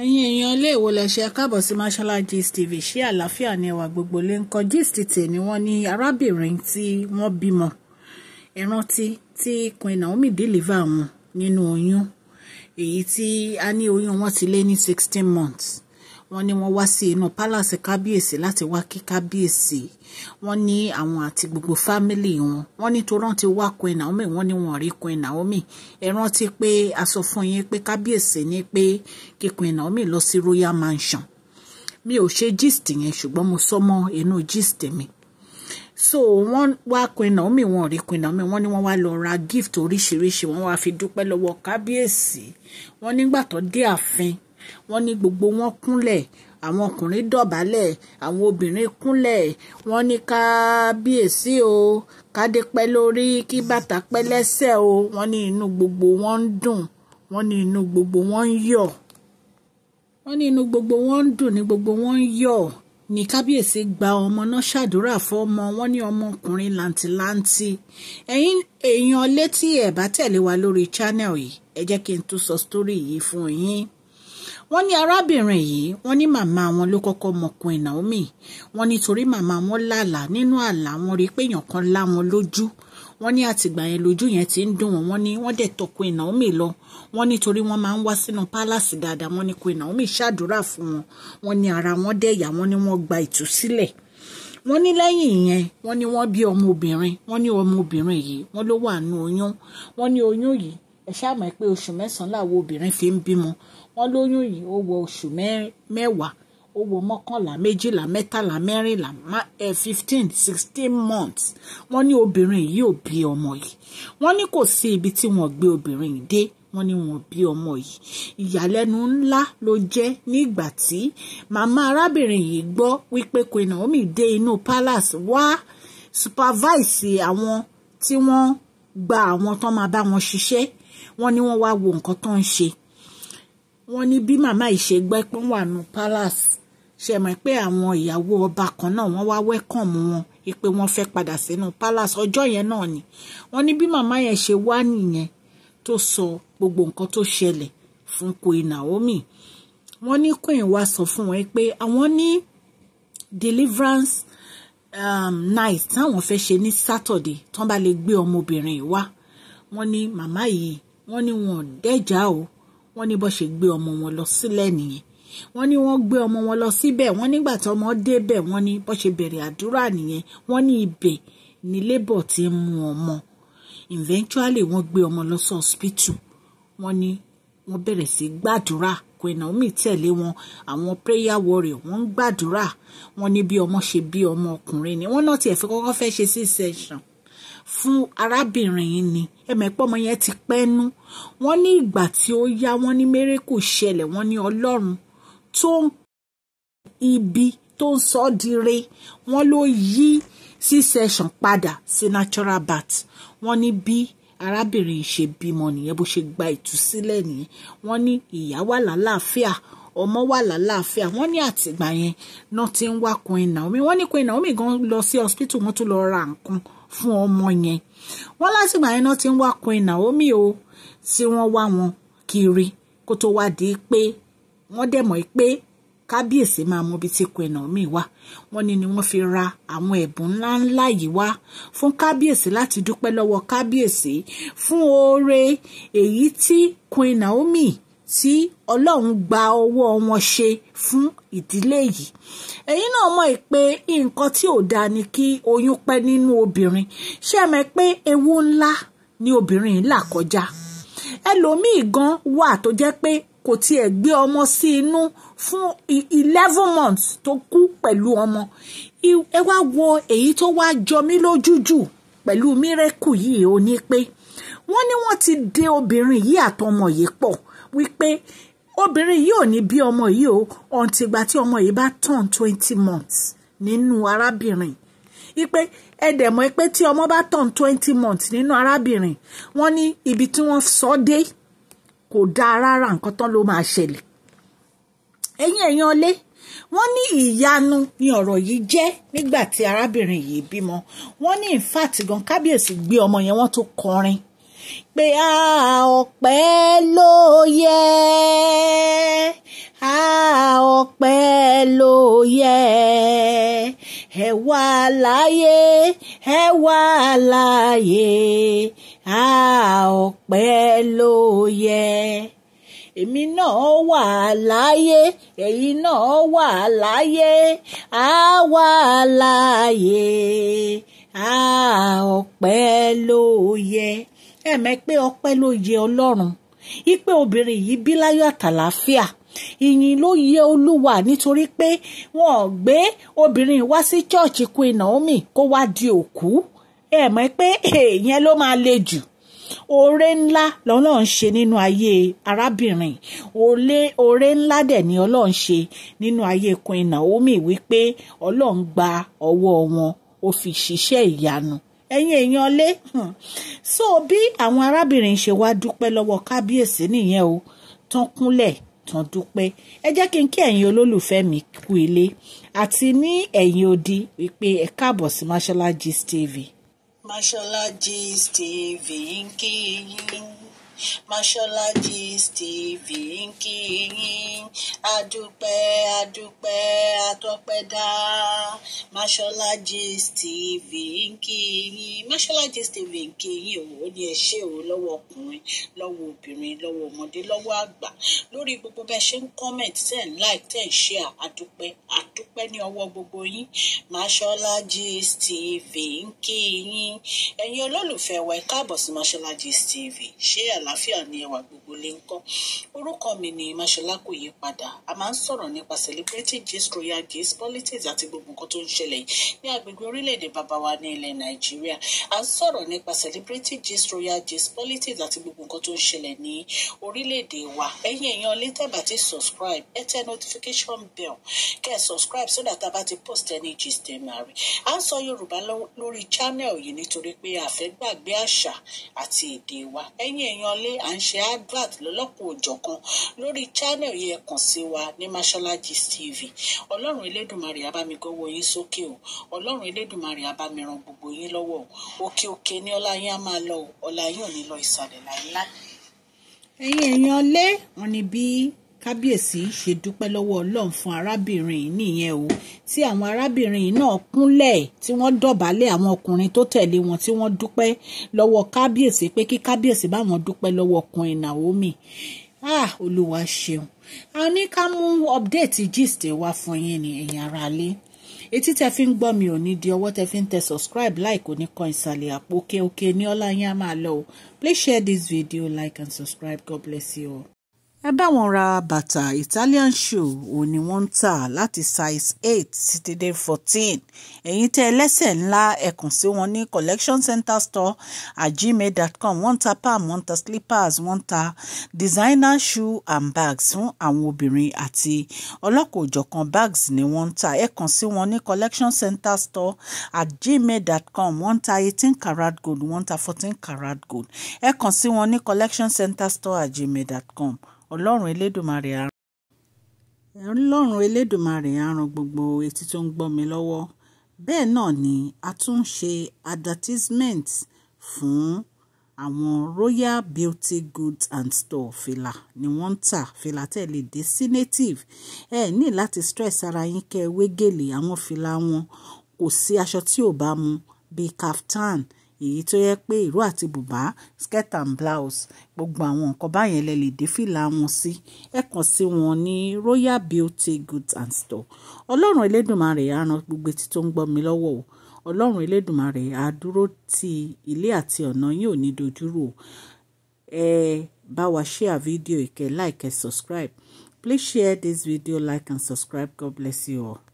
ẹ̀yin èèyàn ilé ìwò lẹ ṣe káàbọ̀ sí Mashola Gist TV ṣé àlàáfíà ni ẹwà gbogbo lè ń kọ gist tè ni wọ́n ní arábìnrin tí wọ́n bímọ ẹ rántí tí Queen Naomi deliver wọn nínú oyún èyí tí a ní oyún wọn ti lé ní sixteen months wọ́n ní wọ́n wá sí inú pálàsì kábíyèsí láti wá kí kábíyèsí wọ́n ní àwọn àti gbogbo fámìlì wọn wọ́n ní tó rántí wá Queen Naomi wọ́n ní wọ́n rí Queen Naomi ẹ rántí pé a sọ fún yín pé kábíyèsí ní pé kí Queen Naomi lọ sí royal mansion mi ò ṣe gist yẹn ṣùgbọ́n mo sọ mọ́ inú gist mi so wọ́n wá Queen Naomi wọ́n rí Queen Naomi wọ́n ní wọ́n wá lọ ra gift oríṣiríṣi wọ́n wá fi dúpẹ́ lọ́wọ́ kábíyèsí wọ́n nígbà tó dé ààfin wọ́n ní gbogbo wọn kúnlẹ̀ àwọn ọkùnrin dọ̀bálẹ̀ àwọn obìnrin kúnlẹ̀ wọ́n ní kábíyèsí o kádé pẹ́ lórí kí bàtà pẹ́ lẹ́sẹ̀ o wọ́n ní inú gbogbo wọn ń dùn wọ́n ní inú gbogbo wọn ń yọ̀ wọ́n ní inú gbogbo wọn ń dùn ní gbogbo wọn ń yọ̀ ní kábíyèsí gba ọmọ náà ṣàdúrà fọmọ wọn ní ọmọkùnrin làǹtìlanti ẹ̀yin èèyàn létí ẹ bá tẹ̀lé wa lórí channel yìí ẹ jẹ́ kí n tún sọ sítórì yìí fún yín wọ́n ní arábìnrin yìí wọ́n ní màmá wọn ló kọ́kọ́ mọkùnrin Naomi wọ́n nítorí màmá wọn lálà nínú àlá wọn rí pé èèyàn kan lá wọn lójú wọ́n ní àtìgbà yẹn lójú yẹn ti ń dùn wọ́n wọ́n ní wọ́n dẹ̀ tọ Queen Naomi lọ wọ́n nítorí wọ́n máa ń wá sínú pálásì dáadáa wọ́n ní Queen Naomi ṣàdúrà fún wọn wọ́n ní ara wọn dẹ̀ yà wọ́n ní wọ́n gba ìtúsílẹ̀ wọ́n ní lẹ́yìn ìyẹn wọ́n ní wọ́n bí ọmọbìnrin wọ́n ní ọmọbìnrin yìí wọ́n ló wà nù oyún wọ́n ní oyún yìí ẹ ṣáà pé oṣù mẹ́sàn-án làwọn obìnrin fi ń bímọ wọ́n lóyún yìí ó wọ oṣù mẹ́wàá ó wọ mọ́kànlá méjìlá mẹ́tàlá mẹ́rìnlá fifteen sixteen months wọ́n ní obìnrin yìí ò bí ọmọ yìí wọ́n ní kò sí ibi tí wọ́n gbé obìnrin yìí dé wọ́n ní wọ́n bí ọmọ yìí ìyàlẹ́nu ńlá ló jẹ́ nígbà tí màmá arábìnrin yìí gbọ́ wípé Queen Naomi dé inú palace wá supervise àwọn tí wọ́n gba àwọn tó máa bá wọn ṣiṣẹ́ wọ́n ní wọ́n wá wo nǹkan tó ń ṣe wọ́n ní bí màmá yìí ṣe gbẹ́ pé wà nù palace ṣe mọ̀ pé àwọn ìyàwó ọba kan náà wọ́n wá wẹ́kọ̀mù wọn pé wọ́n fẹ́ padà sínú palace ọjọ́ yẹn náà ni wọ́n ní bí màmá yẹn ṣe wá nìyẹn tó sọ gbogbo nǹkan tó ṣẹlẹ̀ fún Queen Naomi wọ́n ní Queen wá sọ fún wọn pé àwọn ní deliverance um, night táwọn fẹ́ ṣe ní Saturday tán bá lè gbé ọmọbìnrin wá wọ́n ní màmá yìí wọ́n ní wọn dẹ́jà o wọ́n ní bó ṣe gbé ọmọ wọn lọ sílẹ̀ nìyẹn wọ́n ní wọ́n gbé ọmọ wọn lọ síbẹ̀ wọ́n nígbà tí ọmọ débẹ̀ wọ́n ní bó ṣe bẹ̀rẹ̀ àdúrà nìyẹn wọ́n ní ibẹ̀ ní labour ti ń mú ọmọ eventually wọ́n gbé ọmọ lọ sí hospital wọ́n ní wọ́n bẹ̀rẹ̀ sí gbàdúrà Queen Naomi tẹ̀lé wọn àwọn prayer warrior wọ́n ń gbàdúrà wọ́n ní bí ọmọ ṣe bí ọmọ ọkùnrin ni wọ́n náà tiẹ̀ fi kọ́kọ́ fẹ́ ṣe c-section fún arábìnrin yìí ni ẹ̀mẹ̀pọ̀ ọmọ yẹn ti pẹ́nu wọ́n ní ìgbà tí ó yá wọ́n ní mérékù ṣẹlẹ̀ wọ́n ní ọlọ́run tó ń ibi tó ń sọ di re wọ́n ló yí c-section padà sí natural birth wọ́n ní bí arábìnrin ṣe bímọ nìyẹn bó ṣe gba ìtúsílẹ̀ nìyẹn wọ́n ní ìyá wà lálàáfíà ọmọ wà lálàáfíà wọ́n ní àtìgbà yẹn náà ti ń wá Queen Naomi wọ́n ní Queen Naomi gan lọ sí hospital wọ́n tún lọ ra nǹkan fún ọmọ yẹn wọ́n látìgbà yẹn náà ti ń wá Queen Naomi o tí wọ́n wá wọn kiri kó tó wá di pé wọ́n dẹ̀ mọ̀ pé kábíyèsí máa mọ ibi tí Queen Naomi wà wọ́n ní ni wọ́n fi ra àwọn ẹ̀bùn ńláńlá yìí wá fún kábíyèsí láti dúpẹ́ lọ́wọ́ kábíyèsí fún oore èyí tí Queen Naomi tí ọlọ́run gba ọwọ́ wọn ṣe fún ìdílé yìí ẹ̀yin náà mọ̀ pé nǹkan tí ò dáa ni kí oyún pẹ́ nínú obìnrin ṣé ẹ mọ̀ pé ewu ńlá ni obìnrin yìí là kọjá ẹlòmíì gan wà tó jẹ́ pé kò tiẹ̀ gbé ọmọ sí inú fún eleven months tó kú pẹ̀lú ọmọ ẹ wá wo èyí tó wá jọ mí lójú jù pẹ̀lú mírẹ́kù yìí ò ní pé wọ́n ní wọ́n ti de obìnrin yìí àtọmọ yìí pọ̀ wípé obìnrin yìí ò ní bí ọmọ yìí o ọ̀ǹtìgbà tí ọmọ yìí bá turn twenty months nínú arábìnrin ipe ẹ̀dẹ̀mọ́ pé tí ọmọ bá turn twenty months nínú arábìnrin wọ́n ní ibi tí wọ́n sọ dé kò dáa rárá nǹkan tán ló máa ṣẹlẹ̀ ẹ̀yìn ẹ̀yàn ọlé wọ́n ní ìyanu ni ọ̀rọ̀ yìí jẹ́ nígbà tí arábìnrin yìí bímọ wọ́n ní in fact kábíyèsí gbé ọmọ yẹn wọ́n tó kọrin pé a ọpẹ́ ló yẹ a ọpẹ́ ló yẹ ẹ wà láyé ẹ wà láyé a ọpẹ́ ló yẹ èmi náà wà láyé ẹ̀yin náà wà láyé a wà láyé a ọpẹ́ ló yẹ ẹ mọ̀ pé ọpẹ́ ló yẹ ọlọ́run ipe obìnrin yìí bí láyọ̀ àtàlàáfíà ìyìn ló yẹ olúwa nítorí pé wọn ò gbé obìnrin wá sí chọ́ọ̀chì Queen Naomi kó wá di òkú ẹ mọ̀ pé èèyàn ló máa le jù oore ńlá lọ́lọ́run ṣe nínú ayé arábìnrin oore ńlá dẹ̀ ni ọlọ́run ṣe nínú ayé Queen Naomi wípé ọlọ́run gba ọwọ́ wọn ó fi ṣiṣẹ́ ìyanu ẹ̀yin èèyàn lé hmm. so bí àwọn arábìnrin ṣe wá dúpẹ́ lọ́wọ́ kábíyèsí nìyẹn o tán kúnlẹ̀ tán dúpẹ́ ẹ jẹ́ kí n kí ẹ̀yin olólùfẹ́ mi kú ilé àti ní ẹ̀yin odi wípé ẹ káàbọ̀ sí Mashola TV. Mashola TV ń kí yín. Mashola Gist TV Adupe, adupe, yín adúpẹ́ adúpẹ́ atọ́pẹ́dá Mashola Gist TV ń kí yín Mashola Gist TV ń kí yín o ó ní ẹ ṣé o lọ́wọ́ ọkùnrin lọ́wọ́ obìnrin lọ́wọ́ ọmọdé lọ́wọ́ àgbà lórí gbogbo bẹ́ẹ̀ ṣe ń comment ten like ten share adupe, adupe, ní ọwọ́ gbogbo yín Mashola Gist TV ń kí yín ẹ̀yin olólùfẹ́ wa ẹ káàbọ̀ sí Mashola Gist ṣé ẹ̀ àlàáfíà ni ẹwà gbogbo lè ń kọ́ orúkọ mi ni Máṣọlá kò yí padà a máa ń sọ̀rọ̀ nípa celebrity gist royal gist politics àti gbogbo nǹkan tó ń ṣẹlẹ̀ ní agbègbè orílẹ̀-èdè bàbá wa ní ilẹ̀ Nàìjíríà a ń sọ̀rọ̀ nípa celebrity gist royal gist politics àti gbogbo nǹkan tó ń ṣẹlẹ̀ ní orílẹ̀-èdè wa ẹ̀yin èèyàn lè tẹ́ ti subscribe ẹ tẹ notification bell kẹ́ ẹ subscribe so that a bá ti post ẹni gist ẹ̀ máa rí a ń sọ Yorùbá lórí channel yìí nítorí pé a fẹ́ gbàgbé àṣà àti èdè wa ẹ̀yin èèyàn lé à ń ṣe advert lọ́lọ́kùn òjọ̀kan lórí channel yẹn kàn sí wa ní Mashola Gist TV ọlọ́run elédùnmarè abamigọ́wọ́ yín sókè o ọlọ́run elédùnmarè abamiran gbogbo yín lọ́wọ́ o òkè òkè ni ọlá yín á máa lọ o ọlá yín ò ní lọ ìsàlẹ̀ láíláí. ẹ̀yin èèyàn lé wọn ni bí kábíyèsí ṣe dúpẹ́ lọ́wọ́ ọlọ́run fún arábìnrin yìí nìyẹn o tí àwọn arábìnrin yìí náà kúnlẹ̀ tí wọ́n dọ̀bálẹ̀ àwọn ọkùnrin tó tẹ̀lé wọn tí wọ́n dúpẹ́ lọ́wọ́ kábíyèsí pé kí kábíyèsí bá wọn dúpẹ́ lọ́wọ́ Queen Naomi ah olúwa ṣeun a ní ká mú update gist wá fún yín ní ẹ̀yin aráalé etí tẹ fi ń gbọ́ mi ò ní di ọwọ́ tẹ fi ń tẹ subscribe like ò ní kan ìsàlẹ̀ àpò òkè òkè ní ọlá yín á máa lọ o please share this video like and subscribe god bless you all ẹ bá wọn ra bàtà Italian shoe òun ni wọ́n ń tà láti size eight títí dé fourteen ẹ̀yin tẹ́ ẹlẹ́sẹ̀ ńlá ẹ kàn sí wọn ní collection center store at gmail.com wọ́n ń ta palm wọ́n ń ta slippers wọ́n ń ta designer shoe and bags fún àwọn obìnrin àti ọlọ́kọ̀-òjọ̀kan bags ni wọ́n ń tà ẹ kàn sí wọn ní collection center store at gmail.com wọ́n ń ta eighteen karat gold wọ́n ń ta fourteen karat gold ẹ kàn sí wọn ní collection center store at gmail.com ọlọ́run elédùmarè á ọlọ́run elédùmarè á ran gbogbo etí tó ń gbọ́ mi lọ́wọ́ bẹ́ẹ̀ náà ni a tún ń ṣe advertisement fún àwọn royal beauty goods and store fìlà ni wọ́n ń tà fìlà tẹ́ lè dé sí native ẹ eh, ní láti stress ara yín kẹ́ ẹ wé gèlè àwọn fìlà wọn kò sí aṣọ tí ò bá mu bíi kaftan èyí tó yẹ pé ìró àti bùbá skirt and blouse gbogbo àwọn nǹkan báyẹn lẹ lè dé fìlà wọn sí ẹ kàn sí wọn ní Royal Beauty Goods and Store ọlọ́run elédùnmarè á ran gbogbo etí tó ń gbọ́ mi lọ́wọ́ o ọlọ́run elédùnmarè á ti ilé àti ọ̀nà yín ò ní dojúrò ẹ bá wa share video ìkẹ́ like ẹ subscribe please share this video like and subscribe God bless you all.